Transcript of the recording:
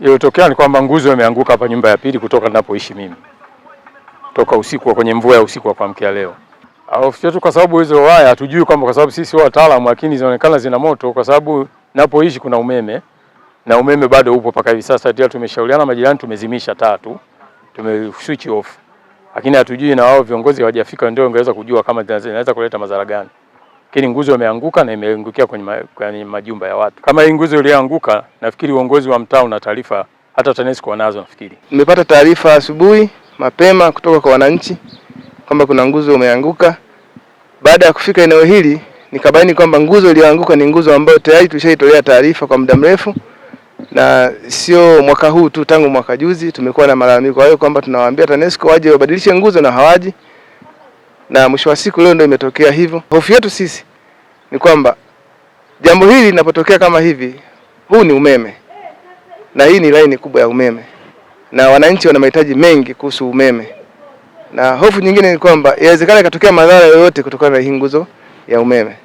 iliyotokea ni kwamba nguzo imeanguka hapa nyumba ya pili kutoka ninapoishi mimi, toka usiku kwenye mvua ya usiku wa kuamkia leo. Hofu yetu kwa sababu hizo waya hatujui kwamba, kwa sababu sisi wataalamu, lakini zinaonekana zina moto, kwa sababu napoishi kuna umeme na umeme bado upo mpaka hivi sasa. Tayari tumeshauriana majirani, tumezimisha tatu, tume switch off, lakini hatujui na wao viongozi hawajafika, ndio ungeweza kujua kama zinaweza kuleta madhara gani lakini nguzo imeanguka na imeangukia kwenye, ma, kwenye majumba ya watu. Kama hii nguzo ilianguka, nafikiri uongozi wa mtaa una taarifa, hata TANESCO wanazo. Nafikiri nimepata taarifa asubuhi mapema kutoka kwa wananchi kwamba kuna nguzo imeanguka. Baada ya kufika eneo hili, nikabaini kwamba nguzo iliyoanguka ni nguzo ambayo tayari tulishaitolea taarifa kwa muda mrefu, na sio mwaka huu tu, tangu mwaka juzi tumekuwa na malalamiko hayo kwamba tunawaambia TANESCO waje wabadilishe nguzo na hawaji na mwisho wa siku leo ndio imetokea hivyo. Hofu yetu sisi ni kwamba jambo hili linapotokea kama hivi, huu ni umeme na hii ni laini kubwa ya umeme, na wananchi wana mahitaji mengi kuhusu umeme, na hofu nyingine ni kwamba inawezekana ikatokea madhara yoyote kutokana na hii nguzo ya umeme.